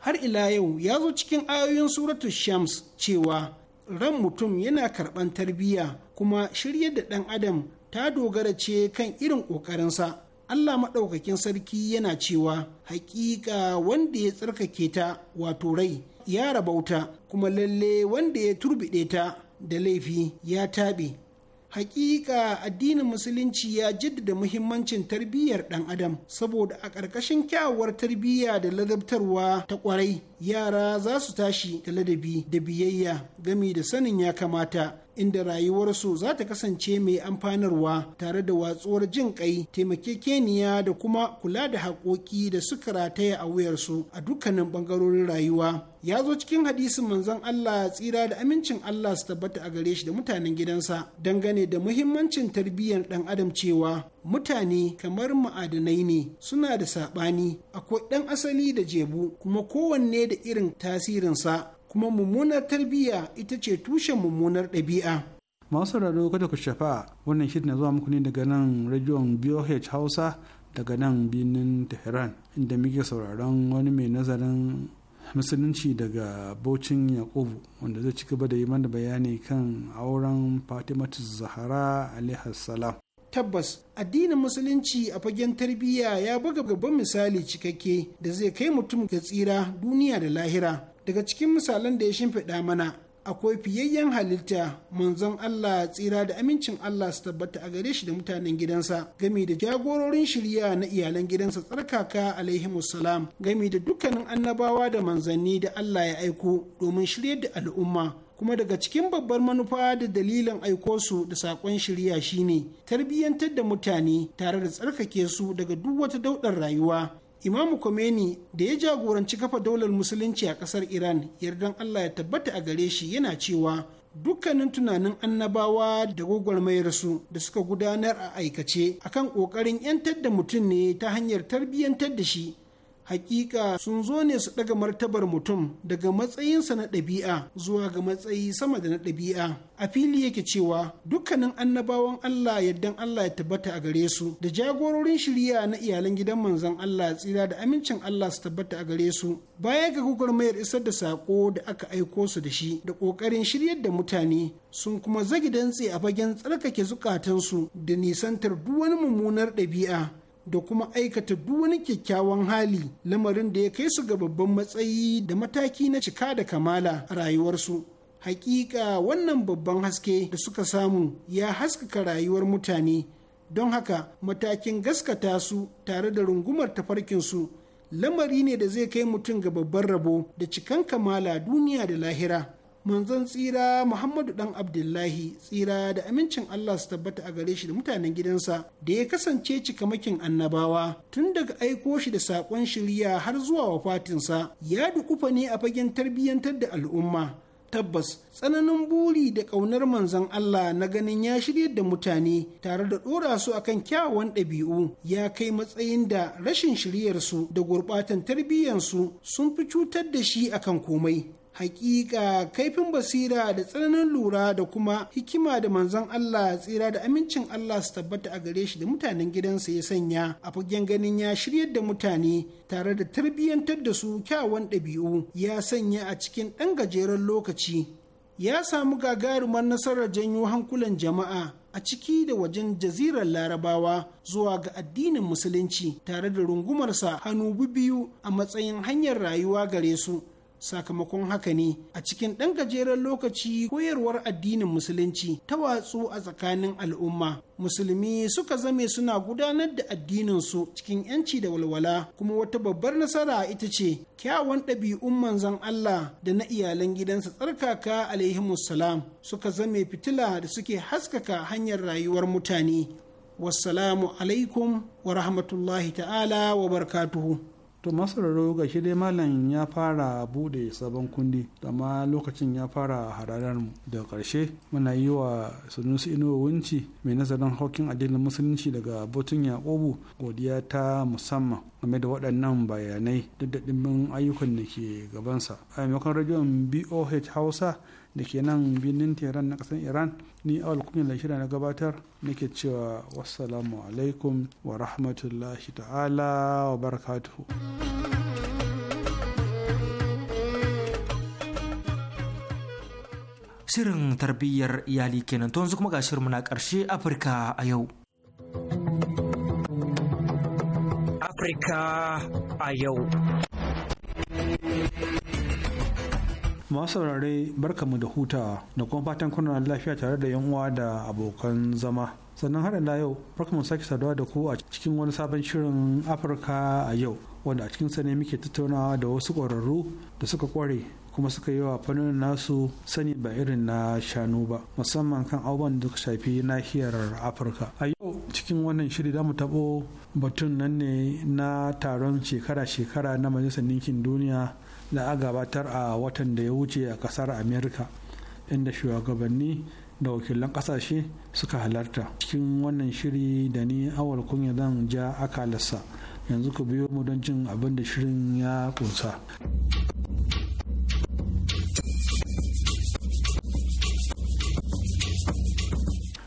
har ila yau ya zo cikin ayoyin suratu shams cewa ran mutum yana karɓan tarbiyya kuma shirya da ɗan adam ta dogara ce kan irin ƙoƙarinsa Allah maɗaukakin sarki yana cewa haƙiƙa wanda ya tsarkake ta wato rai ya rabauta kuma lalle wanda ya turbiɗe ta da laifi ya taɓe hakika addinin musulunci ya jaddada muhimmancin tarbiyyar ɗan adam saboda a ƙarƙashin kyawawar tarbiyya da ladabtarwa ta ƙwarai yara za su tashi da ladabi da biyayya gami da sanin ya kamata inda rayuwarsu za ta kasance mai amfanarwa tare da watsuwar jin kai taimakekeniya da kuma kula da haƙoƙi da suka rataya a wuyarsu a dukkanin ɓangarorin rayuwa ya zo cikin hadisin manzon Allah tsira da amincin Allah su tabbata a gare shi da mutanen gidansa dangane da muhimmancin tarbiyyar ɗan adam cewa mutane kamar ma'adanai ne suna da saɓani akwai ɗan asali da jebu kuma kowanne da irin tasirinsa kuma mummunar tarbiyya ita ce tushen mummunar ɗabi'a. masu sauraro kada ku shafa wannan shirin na zuwa muku ne daga nan rajiyon boh hausa daga nan birnin tehran inda muke sauraron wani mai nazarin musulunci daga bocin yakubu wanda zai ci gaba da yi mana bayani kan auren fatimatu zahara salam tabbas addinin musulunci a fagen tarbiyya ya buga gaban misali cikakke da zai kai mutum ga tsira duniya da lahira daga cikin misalan da ya shimfiɗa mana akwai fiyayyen halitta manzon Allah tsira da amincin Allah su tabbata a gare shi da mutanen gidansa gami da jagororin shirya na iyalan gidansa tsarkaka alaihimu salam gami da dukkanin annabawa da manzanni da Allah ya aiko domin shirya da al'umma kuma daga cikin babbar manufa da dalilin aiko su da saƙon shirya shine tarbiyyantar da mutane tare da tsarkake su daga duk wata daudar rayuwa imamu Khomeini da ya jagoranci kafa daular musulunci a kasar iran yardan allah ya tabbata a gare shi yana cewa dukkanin tunanin annabawa da gwagwarmayarsu da suka gudanar a aikace akan ƙoƙarin 'yantar da mutum ne ta hanyar tarbiyyantar da shi hakika sun zo ne su daga martabar mutum daga matsayinsa na ɗabi'a zuwa ga matsayi sama da na ɗabi'a a fili yake cewa dukkanin annabawan Allah yaddan Allah ya tabbata a gare su da jagororin shirya na iyalan gidan manzon Allah tsira da amincin Allah su tabbata a gare su baya ga gwagwarmayar isar da sako da aka aiko su da shi da ƙoƙarin shiryar da mutane sun kuma zagi dantse a fagen tsarkake zukatansu da nisantar duk wani mummunar ɗabi'a da kuma aikata duk wani kyakkyawan hali lamarin da ya kai su ga babban matsayi da mataki na cika da kamala a rayuwarsu hakika wannan babban haske da suka samu ya haskaka rayuwar mutane don haka matakin gaskata su tare da rungumar tafarkinsu lamari ne da zai kai mutum ga babban rabo da cikan kamala duniya da lahira manzon tsira muhammadu dan abdullahi tsira da amincin allah su tabbata a gare shi da mutanen gidansa da ya kasance cikamakin annabawa tun daga aiko shi da saƙon shirya har zuwa wafatinsa ya dukufa ne a fagen tarbiyyantar da al'umma tabbas tsananin buri da ƙaunar manzon Allah na ganin ya shirya da mutane tare da ɗora su akan kyawawan ɗabi'u ya kai matsayin da rashin shiryarsu da gurɓatan tarbiyyarsu sun fi cutar da shi akan komai hakika kaifin basira da tsananin lura da kuma hikima da manzon Allah tsira da amincin Allah su tabbata a gare shi da mutanen gidansa ya sanya a fagen ganin ya shiryar da mutane tare da tarbiyyantar da su kyawan ɗabi'u ya sanya a cikin ɗan gajeren lokaci ya samu gagarumar nasarar janyo hankulan jama'a a ciki da wajen jazirar larabawa zuwa ga addinin musulunci tare da rungumarsa hannu biyu a matsayin hanyar rayuwa gare su sakamakon haka ne a cikin ɗan gajeren lokaci koyarwar addinin musulunci ta watsu a tsakanin al'umma musulmi suka zame suna gudanar da addininsu cikin yanci da walwala kuma wata babbar nasara ita ce kyawun ɗabi'un manzon Allah da na iyalan gidansa tsarkaka salam suka zame fitila da suke haskaka hanyar rayuwar mutane wassalamu alaikum wa rahmatullahi ta'ala wa barkatuhu to masar ga shi dai malam ya fara bude sabon kundi amma lokacin ya fara hararar mu da karshe muna yi wa sunusu inuwa wunci mai nazarin haukin addinin musulunci daga botun yakubu godiya ta musamman game da waɗannan bayanai duk da ɗimbin ayyukan da ke gabansa a maimakon rajon boh hausa da ke nan birnin tehran na kasar iran ni awal kunyar da shirya na gabatar nake cewa wassalamu alaikum wa rahmatullahi ta'ala wa barakatuhu shirin tarbiyyar iyali kenan to yanzu kuma ga shirin na karshe afirka a yau afirka a yau masu saurare barkamu da hutawa da kuma fatan kuna lafiya tare da yan uwa da abokan zama sannan har da yau barkamu sake saduwa da ku a cikin wani sabon shirin afirka a yau wanda a cikinsa ne muke tattaunawa da wasu ƙwararru da suka ƙware kuma suka yi wa fannin nasu sani ba irin na shanu ba musamman kan abubuwan da suka shafi nahiyar afirka a yau cikin wannan shiri za mu taɓo batun nan ne na taron shekara-shekara na majalisar ninkin duniya da a gabatar a watan da ya wuce a kasar america inda shugabanni da wakilan kasashe suka halarta cikin wannan shiri da ni awal kunya zan ja aka akalarsa yanzu ku biyo mu don cin abin da shirin ya kunsa.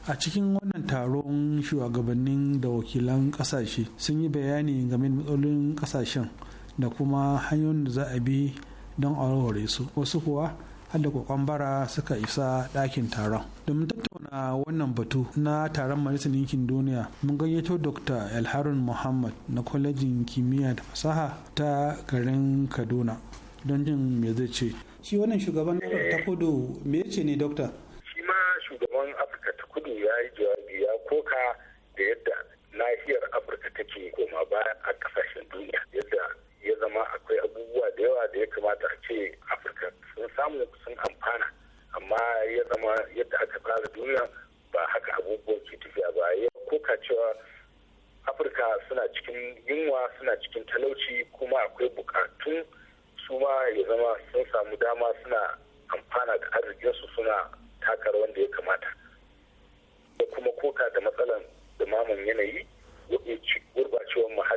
a cikin wannan taron shugabannin da wakilan kasashe sun yi bayani game da matsalolin kasashen da kuma hanyoyin da za a bi don warware su wasu kuwa har da kokon bara suka isa ɗakin taron domin tattauna wannan batu na taron majalisar ɗinkin duniya mun gayyato dr alharun muhammad na kwalejin kimiyya da fasaha ta garin kaduna don jin me zai ce shi wannan shugaban ta kudu me ce ne dokta shi ma shugaban afirka ta kudu ya yi jawabi ya koka da yadda lafiyar afirka take koma baya a kasashen duniya yadda ya zama akwai abubuwa da yawa da ya kamata a ce afirka sun samu sun amfana amma ya zama yadda aka tsara duniya ba haka abubuwan ke tafiya ba ya koka cewa afirka suna cikin yunwa suna cikin talauci kuma akwai bukatun su ma ya zama sun samu dama suna amfana da arzikinsu suna takar wanda ya kamata da kuma kuka da matsalan dumamin yanayi gurbacewar muhalli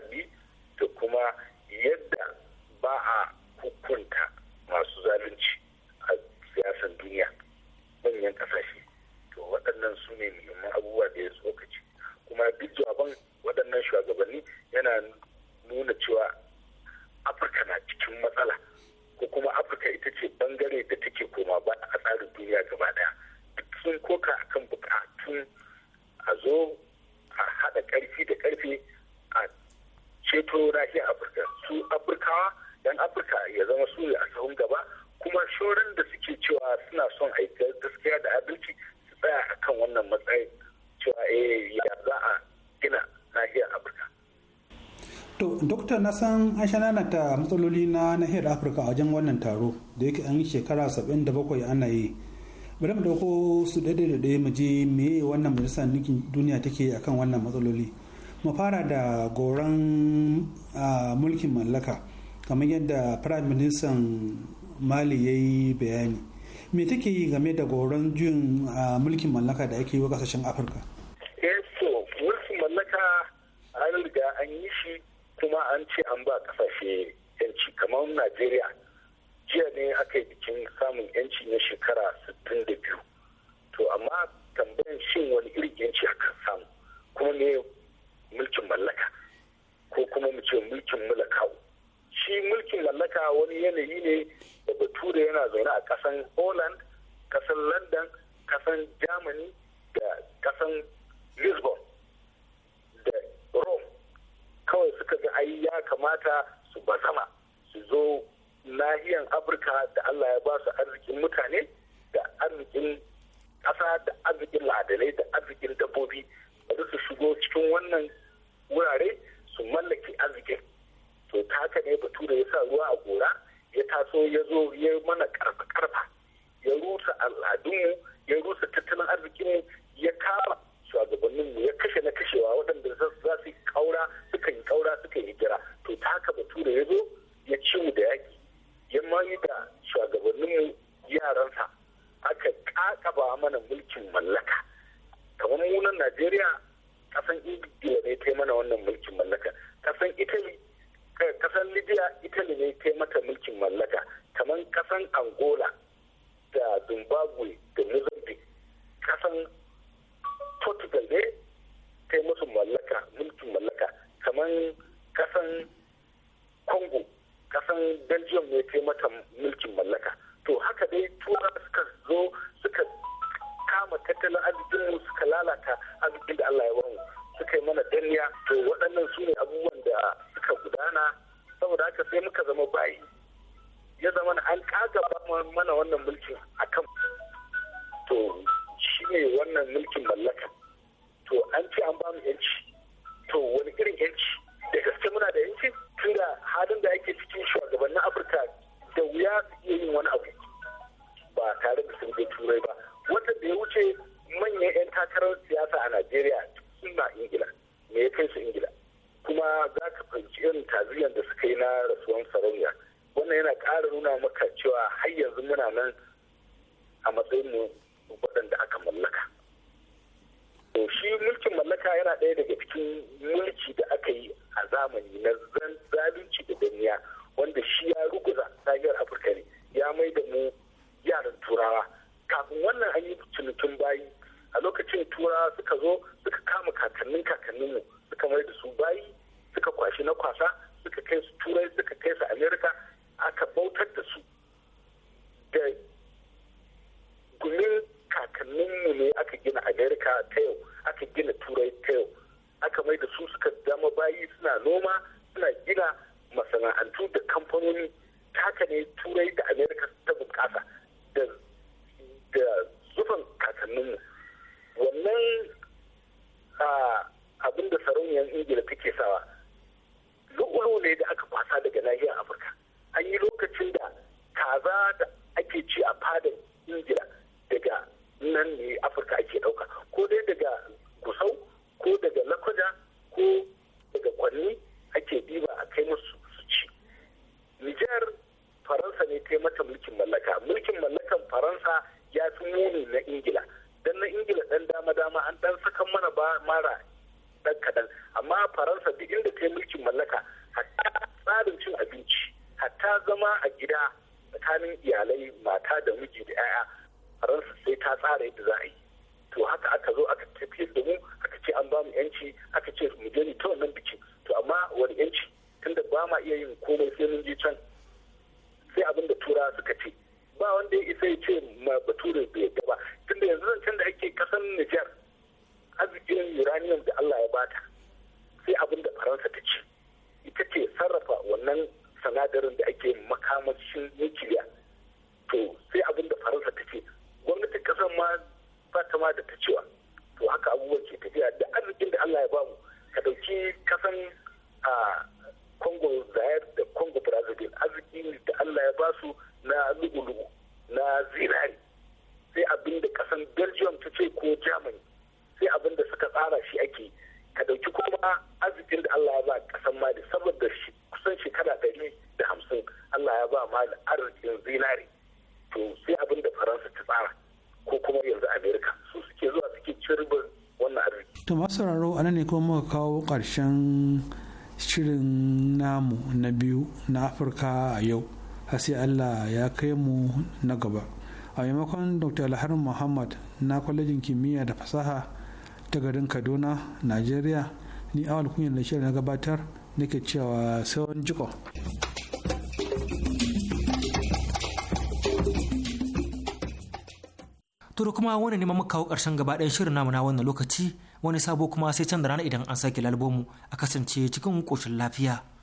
aisha nanata matsaloli na nahiyar afirka a wajen wannan taro da yake an yi shekara 77 ana yi bari mu dauko su daidai da daya mu je me wannan majalisar nukin duniya take akan wannan matsaloli mu fara da goron mulkin mallaka kamar yadda prime minister mali ya yi bayani me take yi game da goron juyin mulkin mallaka da ake yi wa kasashen afirka najeriya jiya ne aka yi bikin samun yanci na shekara 62 to amma tambayan shin wani irin yanci aka samu kuma ne mulkin mallaka ko kuma mu ce mulkin mulaka shi mulkin mallaka wani yanayi ne da bature yana zaune a kasan holland kasan london kasan germany da kasan lisbon da rome kawai suka ga ai ya kamata su bazama su zo nahiyan afirka da allah ya ba su arzikin mutane da arzikin ƙasa da arzikin ladalai da arzikin dabbobi da su shigo cikin wannan wurare su mallake arzikin to ta haka ne da ya sa ruwa a gora ya taso ya zo ya mana karfa karfa ya rusa al'adunmu ya rusa tattalin arzikinmu ya kama shugabanninmu ya kashe na kashewa waɗanda za su yi kaura suka yi kaura suka yi jira to ta haka da ya zo ya ci mu da yaƙi ya mayu da shugabannin yaransa aka kakaba mana mulkin mallaka kamar munan najeriya kasan india ne ta mana wannan mulkin mallaka kasan italy eh, kasan libya italy ne ta mata mulkin mallaka kamar kasan angola da zimbabwe da mozambique kasan portugal ne ta musu mallaka mulkin mallaka kamar kasan congo kasan belgium ne ke mata mulkin mallaka to haka dai tura suka zo suka kama tattalin arzikin mu suka lalata arzikin da allah ya wani suka yi mana danniya to waɗannan su ne abubuwan da suka gudana saboda haka sai muka zama bayi ya zama an kagaba mana wannan mulkin akan to shi ne wannan mulkin mallaka to an ce an bamu yanci to wani irin yanci da gaske muna da yanci tunda halin da ake cikin shugabannin afirka da wuya su iya yin wani abu ba tare da sun je turai ba wata da ya wuce manyan 'yan takarar siyasa a najeriya suna ingila me ya kai su ingila kuma za ka fahimci irin taziyan da suka yi na rasuwan sarauniya wannan yana kara nuna maka cewa har yanzu muna nan a matsayin mu waɗanda aka mallaka to shi mulkin mallaka yana ɗaya daga cikin mulki da aka yi a zamani na zan ba ta da ta cewa to haka abubuwan ke tafiya da arzikin da Allah ya bamu ka dauki kasan a Congo Zaire da Congo Brazzaville arzikin da Allah ya basu na luu na zinari sai abin da kasan Belgium ta ce ko Germany sai abin da suka tsara shi ake ka dauki kuma arzikin da Allah ya ba kasan Mali saboda kusan shekara ɗari da hamsin Allah ya ba Mali arzikin zinari to sai abin da Faransa ta tsara ko kuma yanzu amerika su suke zuwa suke cirbin wannan arziki. to masu sauraro a nan ne kuma muka kawo ƙarshen shirin namu na biyu na afirka a yau sai allah ya kai mu na gaba a maimakon dr alharin muhammad na kwalejin kimiyya da fasaha ta garin kaduna nigeria ni awal kunyar da shirin na gabatar nake cewa sawan jiko. To kuma wani neman muka kawo ƙarshen gaba ɗayan shirin namu na wannan lokaci wani sabo kuma sai can da rana idan an sake lalbomu a kasance cikin ƙoshin lafiya.